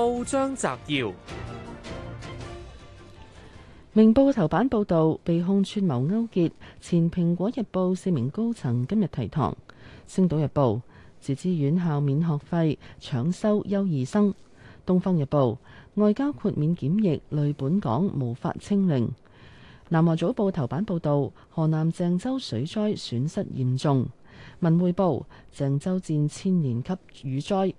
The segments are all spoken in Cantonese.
報章摘要：明報頭版報道，被控串謀勾結前蘋果日報四名高層今日提堂。星島日報，自資院校免學費，搶收優異生。東方日報，外交豁免檢疫，累本港無法清零。南華早報頭版報道，河南鄭州水災損失嚴重。文匯報，鄭州戰千年級雨災。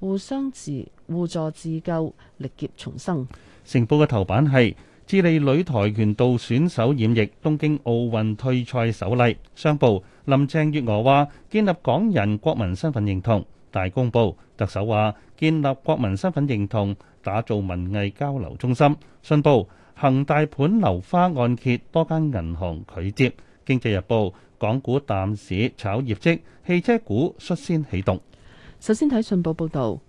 互相持互助自救，歷劫重生。成報嘅頭版係智利女跆拳道選手染疫，東京奧運退賽首例。商報，林鄭月娥話：建立港人國民身份認同。大公報，特首話：建立國民身份認同，打造文藝交流中心。信報，恒大盤樓花按揭多間銀行拒接。經濟日報，港股淡市炒業績，汽車股率先起動。首先睇信報報道。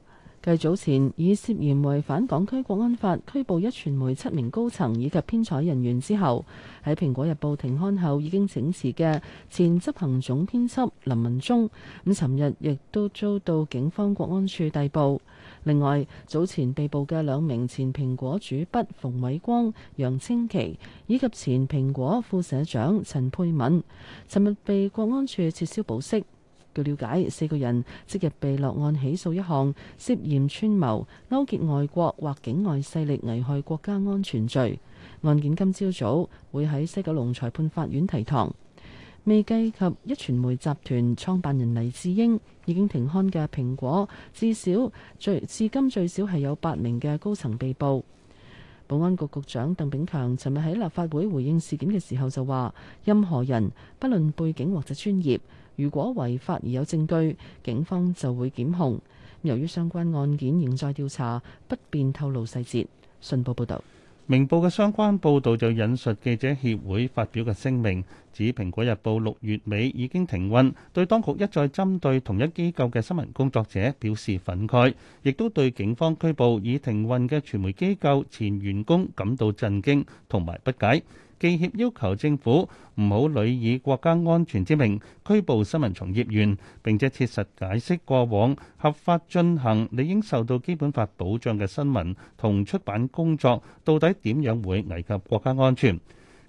繼早前以涉嫌違反港區國安法拘捕一傳媒七名高層以及編採人員之後，喺《蘋果日報》停刊後已經請辭嘅前執行總編輯林文忠，咁尋日亦都遭到警方國安處逮捕。另外，早前被捕嘅兩名前蘋果主筆馮偉光、楊清奇，以及前蘋果副社長陳佩敏，尋日被國安處撤銷保釋。據了解，四個人即日被落案起訴一項涉嫌串謀勾結外國或境外勢力危害國家安全罪。案件今朝早早會喺西九龍裁判法院提堂。未計及一傳媒集團創辦人黎智英已經停刊嘅蘋果，至少最至今最少係有八名嘅高層被捕。保安局局長鄧炳強尋日喺立法會回應事件嘅時候就話：任何人不論背景或者專業，如果違法而有證據，警方就會檢控。由於相關案件仍在調查，不便透露細節。信報報道，明報嘅相關報導就引述記者協會發表嘅聲明，指《蘋果日報》六月尾已經停運，對當局一再針對同一機構嘅新聞工作者表示憤慨，亦都對警方拘捕已停運嘅傳媒機構前員工感到震驚同埋不解。記協要求政府唔好屢以國家安全之名拘捕新聞從業員，並且切實解釋過往合法進行、理應受到基本法保障嘅新聞同出版工作到底點樣會危及國家安全。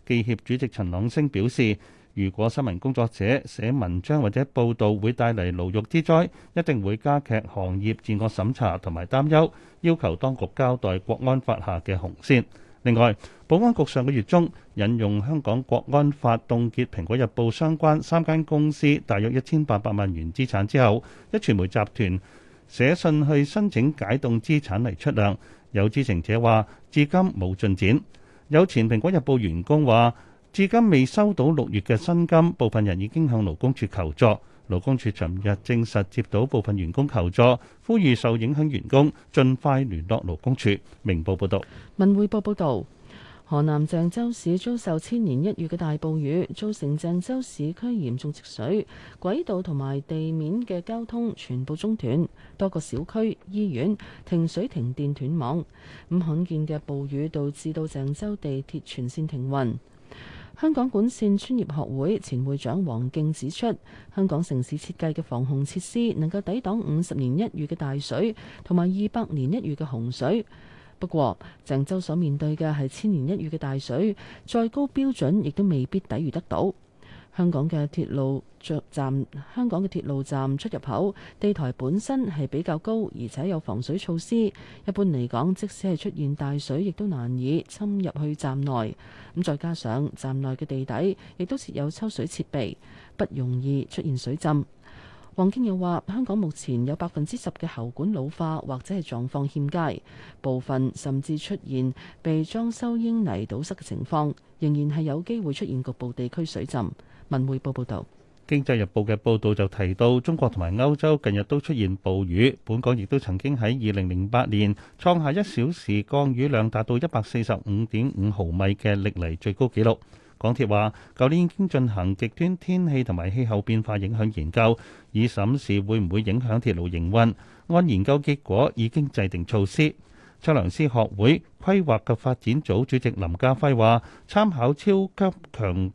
記協主席陳朗升表示，如果新聞工作者寫文章或者報道會帶嚟牢獄之災，一定會加劇行業自我審查同埋擔憂，要求當局交代國安法下嘅紅線。另外，保安局上個月中引用香港國安法凍結蘋果日報相關三間公司大約一千八百萬元資產之後，壹傳媒集團寫信去申請解凍資產嚟出糧。有知情者話，至今冇進展。有前蘋果日報員工話，至今未收到六月嘅薪金，部分人已經向勞工處求助。勞工處尋日證實，接到部分員工求助，呼籲受影響員工盡快聯絡勞工處。明報報道，文匯報報道，河南鄭州市遭受千年一遇嘅大暴雨，造成鄭州市區嚴重積水，軌道同埋地面嘅交通全部中斷，多個小區、醫院停水停電斷網。咁罕見嘅暴雨導致到鄭州地鐵全線停運。香港管線專業學會前會長王敬指出，香港城市設計嘅防洪設施能夠抵擋五十年一遇嘅大水，同埋二百年一遇嘅洪水。不過，鄭州所面對嘅係千年一遇嘅大水，再高標準亦都未必抵禦得到。香港嘅鐵路站，香港嘅鐵路站出入口地台本身係比較高，而且有防水措施。一般嚟講，即使係出現大水，亦都難以侵入去站內。咁再加上站內嘅地底亦都設有抽水設備，不容易出現水浸。黃敬又話：香港目前有百分之十嘅喉管老化或者係狀況欠佳，部分甚至出現被裝修英泥堵塞嘅情況，仍然係有機會出現局部地區水浸。文匯報報道，《經濟日報》嘅報道就提到，中國同埋歐洲近日都出現暴雨，本港亦都曾經喺二零零八年創下一小時降雨量達到一百四十五點五毫米嘅歷來最高紀錄。港鐵話，舊年已經進行極端天氣同埋氣候變化影響研究，以審視會唔會影響鐵路營運。按研究結果，已經制定措施。測量師學會規劃及發展組主席林家輝話，參考超級強。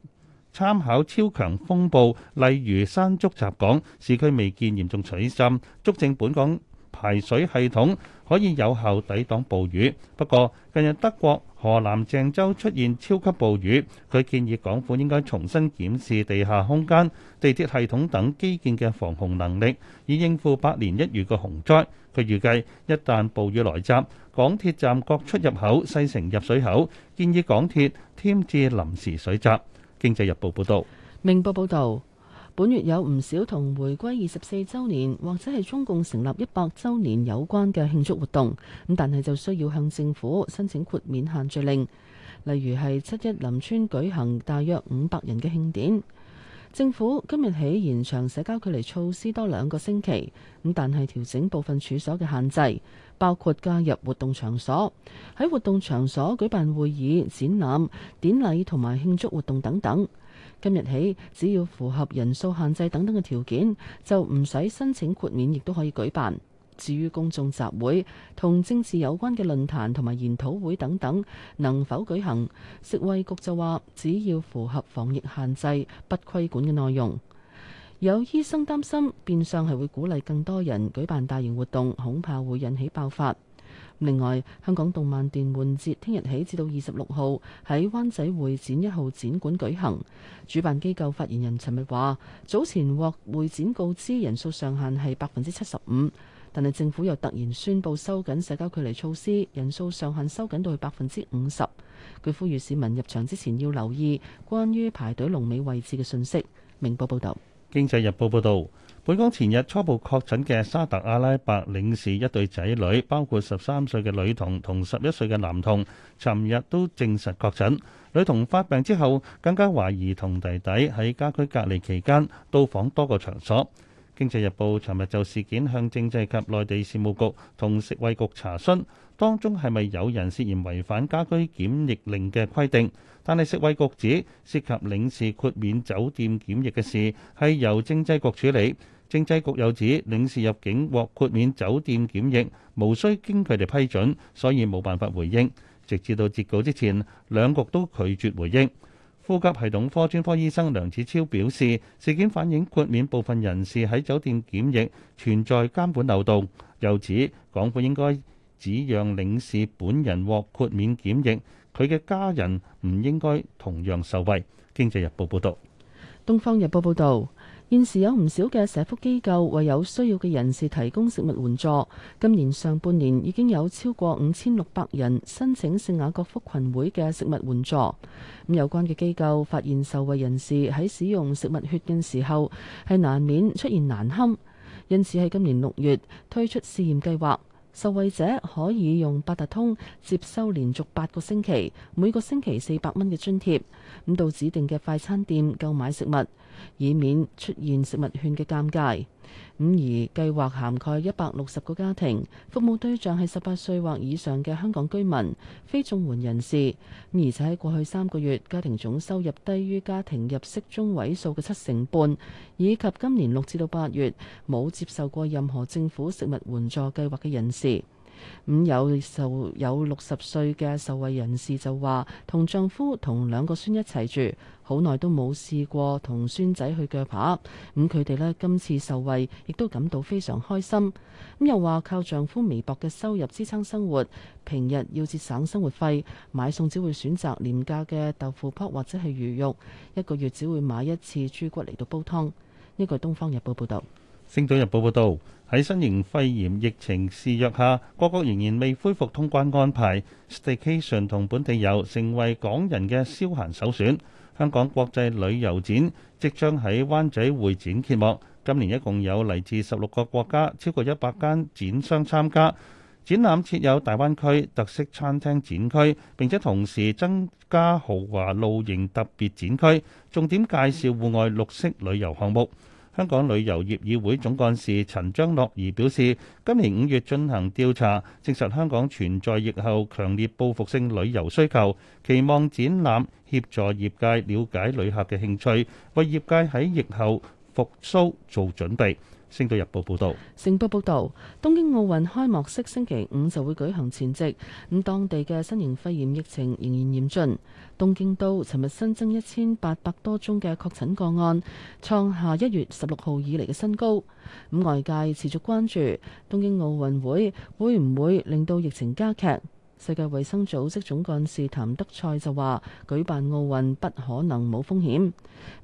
參考超強風暴，例如山竹襲港，市區未見嚴重水浸，足證本港排水系統可以有效抵擋暴雨。不過，近日德國、河南鄭州出現超級暴雨，佢建議港府應該重新檢視地下空間、地鐵系統等基建嘅防洪能力，以應付百年一遇嘅洪災。佢預計一旦暴雨來襲，港鐵站各出入口、西城入水口，建議港鐵添置臨時水閘。經濟日報報導，明報報導，本月有唔少同回歸二十四周年或者係中共成立一百周年有關嘅慶祝活動，咁但係就需要向政府申請豁免限聚令，例如係七一林村舉行大約五百人嘅慶典。政府今日起延長社交距離措施多兩個星期，咁但係調整部分處所嘅限制。包括加入活動場所，喺活動場所舉辦會議、展覽、典禮同埋慶祝活動等等。今日起，只要符合人數限制等等嘅條件，就唔使申請豁免，亦都可以舉辦。至於公眾集會，同政治有關嘅論壇同埋研討會等等，能否舉行？食衞局就話，只要符合防疫限制，不規管嘅內容。有醫生擔心變相係會鼓勵更多人舉辦大型活動，恐怕會引起爆發。另外，香港動漫電玩節聽日起至到二十六號喺灣仔會展一號展館舉行。主辦機構發言人陳密話：早前獲會展告知人數上限係百分之七十五，但係政府又突然宣布收緊社交距離措施，人數上限收緊到去百分之五十。佢呼籲市民入場之前要留意關於排隊龍尾位置嘅信息。明報報道。經濟日報報導，本港前日初步確診嘅沙特阿拉伯領事一對仔女，包括十三歲嘅女童同十一歲嘅男童，尋日都證實確診。女童發病之後，更加懷疑同弟弟喺家居隔離期間到訪多個場所。經濟日報尋日就事件向政制及內地事務局同食衛局查詢，當中係咪有人涉嫌違反家居檢疫令嘅規定？但係食衞局指涉及領事豁免酒店檢疫嘅事係由政制局處理，政制局又指領事入境獲豁免酒店檢疫，無需經佢哋批准，所以冇辦法回應。直至到截稿之前，兩局都拒絕回應。呼吸系統科專科醫生梁子超表示，事件反映豁免部分人士喺酒店檢疫存在監管漏洞，又指港府應該只讓領事本人獲豁免檢疫。佢嘅家人唔應該同樣受惠。經濟日報報道，東方日報報道：「現時有唔少嘅社福機構為有需要嘅人士提供食物援助。今年上半年已經有超過五千六百人申請聖雅各福群會嘅食物援助。咁有關嘅機構發現受惠人士喺使用食物血嘅時候係難免出現難堪，因此喺今年六月推出試驗計劃。受惠者可以用八達通接收連續八個星期，每個星期四百蚊嘅津貼，咁到指定嘅快餐店購買食物，以免出現食物券嘅尷尬。而計劃涵蓋一百六十個家庭，服務對象係十八歲或以上嘅香港居民，非綜援人士，咁而且喺過去三個月家庭總收入低於家庭入息中位數嘅七成半，以及今年六至到八月冇接受過任何政府食物援助計劃嘅人士。咁、嗯、有受有六十歲嘅受惠人士就話，同丈夫同兩個孫一齊住，好耐都冇試過同孫仔去鋸扒。咁佢哋呢今次受惠，亦都感到非常開心。咁、嗯、又話靠丈夫微薄嘅收入支撐生活，平日要節省生活費，買餸只會選擇廉價嘅豆腐撲或者係魚肉，一個月只會買一次豬骨嚟到煲湯。呢個《東方日報》報道。星島日報報導，喺新型肺炎疫情肆虐下，各國仍然未恢復通關安排，Staycation 同本地遊成為港人嘅消閒首選。香港國際旅遊展即將喺灣仔會展揭幕，今年一共有嚟自十六個國家超過一百間展商參加。展覽設有大灣區特色餐廳展區，並且同時增加豪華露營特別展區，重點介紹戶外綠色旅遊項目。香港旅遊業議會總幹事陳章樂儀表示，今年五月進行調查，證實香港存在疫後強烈報復性旅遊需求，期望展覽協助業界了解旅客嘅興趣，為業界喺疫後復甦做準備。星島日報報道，成報報道，東京奧運開幕式星期五就會舉行前夕，咁當地嘅新型肺炎疫情仍然嚴峻。東京都尋日新增一千八百多宗嘅確診個案，創下一月十六號以嚟嘅新高。咁外界持續關注東京奧運會會唔會令到疫情加劇？世界衛生組織總幹事譚德塞就話：舉辦奧運不可能冇風險。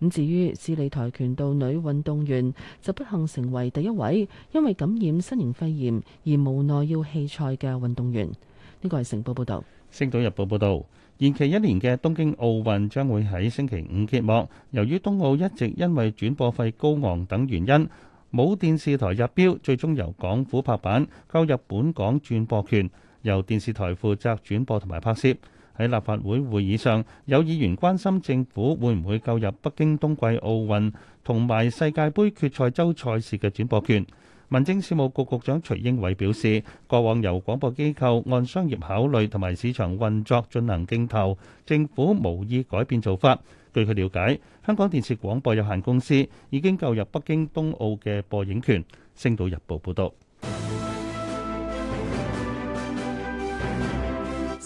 咁至於智利跆拳道女運動員就不幸成為第一位因為感染新型肺炎而無奈要棄賽嘅運動員。呢個係成報報導，《星島日報》報導，延期一年嘅東京奧運將會喺星期五揭幕。由於東奧一直因為轉播費高昂等原因冇電視台入標，最終由港府拍板交入本港轉播權。由電視台負責轉播同埋拍攝。喺立法會會議上，有議員關心政府會唔會購入北京冬季奧運同埋世界盃決賽周賽事嘅轉播權。民政事務局局長徐英偉表示，過往由廣播機構按商業考慮同埋市場運作進行競投，政府無意改變做法。據佢了解，香港電視廣播有限公司已經購入北京冬奧嘅播映權。星島日報報導。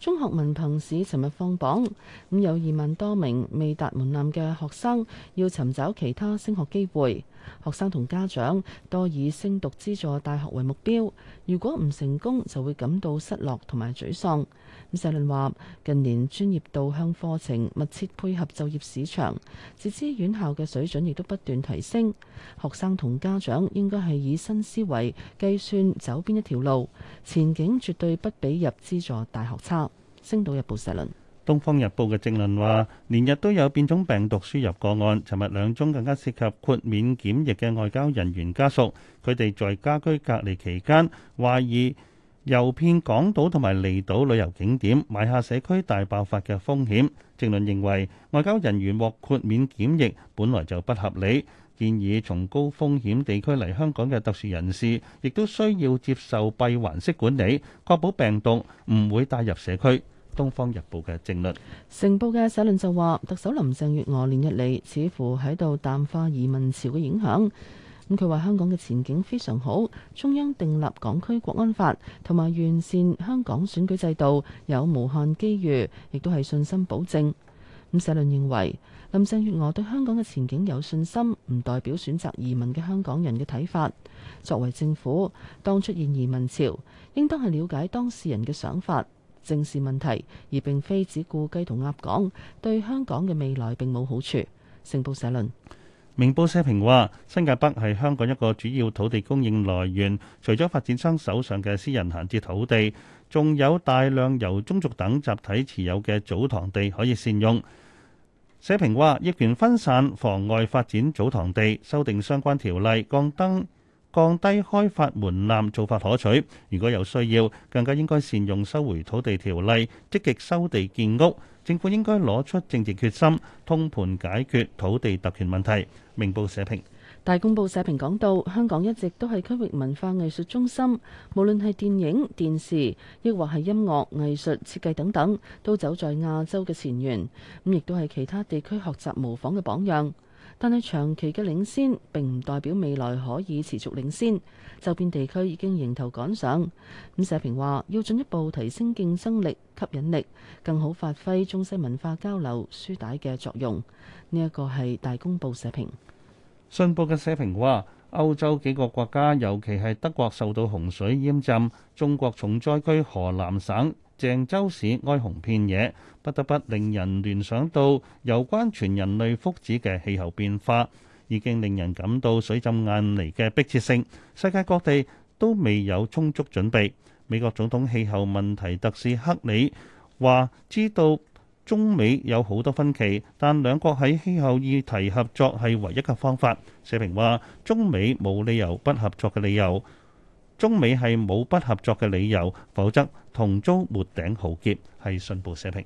中學文憑試尋日放榜，咁有二萬多名未達門檻嘅學生要尋找其他升學機會。學生同家長多以升讀資助大學為目標。如果唔成功，就會感到失落同埋沮喪。咁社論話：近年專業導向課程密切配合就業市場，自資院校嘅水準亦都不斷提升。學生同家長應該係以新思維計算走邊一條路，前景絕對不比入資助大學差。《星島日報》社論，《東方日報》嘅正論話：連日都有變種病毒輸入個案，尋日兩宗更加涉及豁免檢疫嘅外交人員家屬，佢哋在家居隔離期間，懷疑遊遍港島同埋離島旅遊景點，埋下社區大爆發嘅風險。正論認為，外交人員獲豁免檢疫本來就不合理，建議從高風險地區嚟香港嘅特殊人士，亦都需要接受閉環式管理，確保病毒唔會帶入社區。《東方日報》嘅政論，成報嘅社論就話：特首林鄭月娥連日嚟似乎喺度淡化移民潮嘅影響。咁佢話香港嘅前景非常好，中央訂立港區國安法同埋完善香港選舉制度，有無限機遇，亦都係信心保證。咁、嗯、社論認為林鄭月娥對香港嘅前景有信心，唔代表選擇移民嘅香港人嘅睇法。作為政府，當出現移民潮，應當係了解當事人嘅想法。正視問題，而並非只顧雞同鴨講，對香港嘅未來並冇好處。成報社論，明報社評話，新界北係香港一個主要土地供應來源，除咗發展商手上嘅私人閒置土地，仲有大量由宗族等集體持有嘅祖堂地可以善用。社評話，業權分散妨礙發展祖堂地，修訂相關條例，降燈。降低開發門檻做法可取，如果有需要，更加應該善用收回土地條例，積極收地建屋。政府應該攞出政治決心，通盤解決土地特權問題。明報社評。大公報社評講到，香港一直都係區域文化藝術中心，無論係電影、電視，抑或係音樂、藝術、設計等等，都走在亞洲嘅前沿。咁亦都係其他地區學習模仿嘅榜樣。但係長期嘅領先並唔代表未來可以持續領先，周邊地區已經迎頭趕上咁。社評話要進一步提升競爭力、吸引力，更好發揮中西文化交流書帶嘅作用。呢一個係大公報社評。信報嘅社評話，歐洲幾個國家尤其係德國受到洪水淹浸，中國重災區河南省。鄭州市哀鴻遍野，不得不令人聯想到有關全人類福祉嘅氣候變化，已經令人感到水浸眼嚟嘅迫切性。世界各地都未有充足準備。美國總統氣候問題特使克里話：知道中美有好多分歧，但兩國喺氣候議題合作係唯一嘅方法。社評話：中美冇理由不合作嘅理由。中美係冇不合作嘅理由，否則同遭沒頂浩劫係信報社評。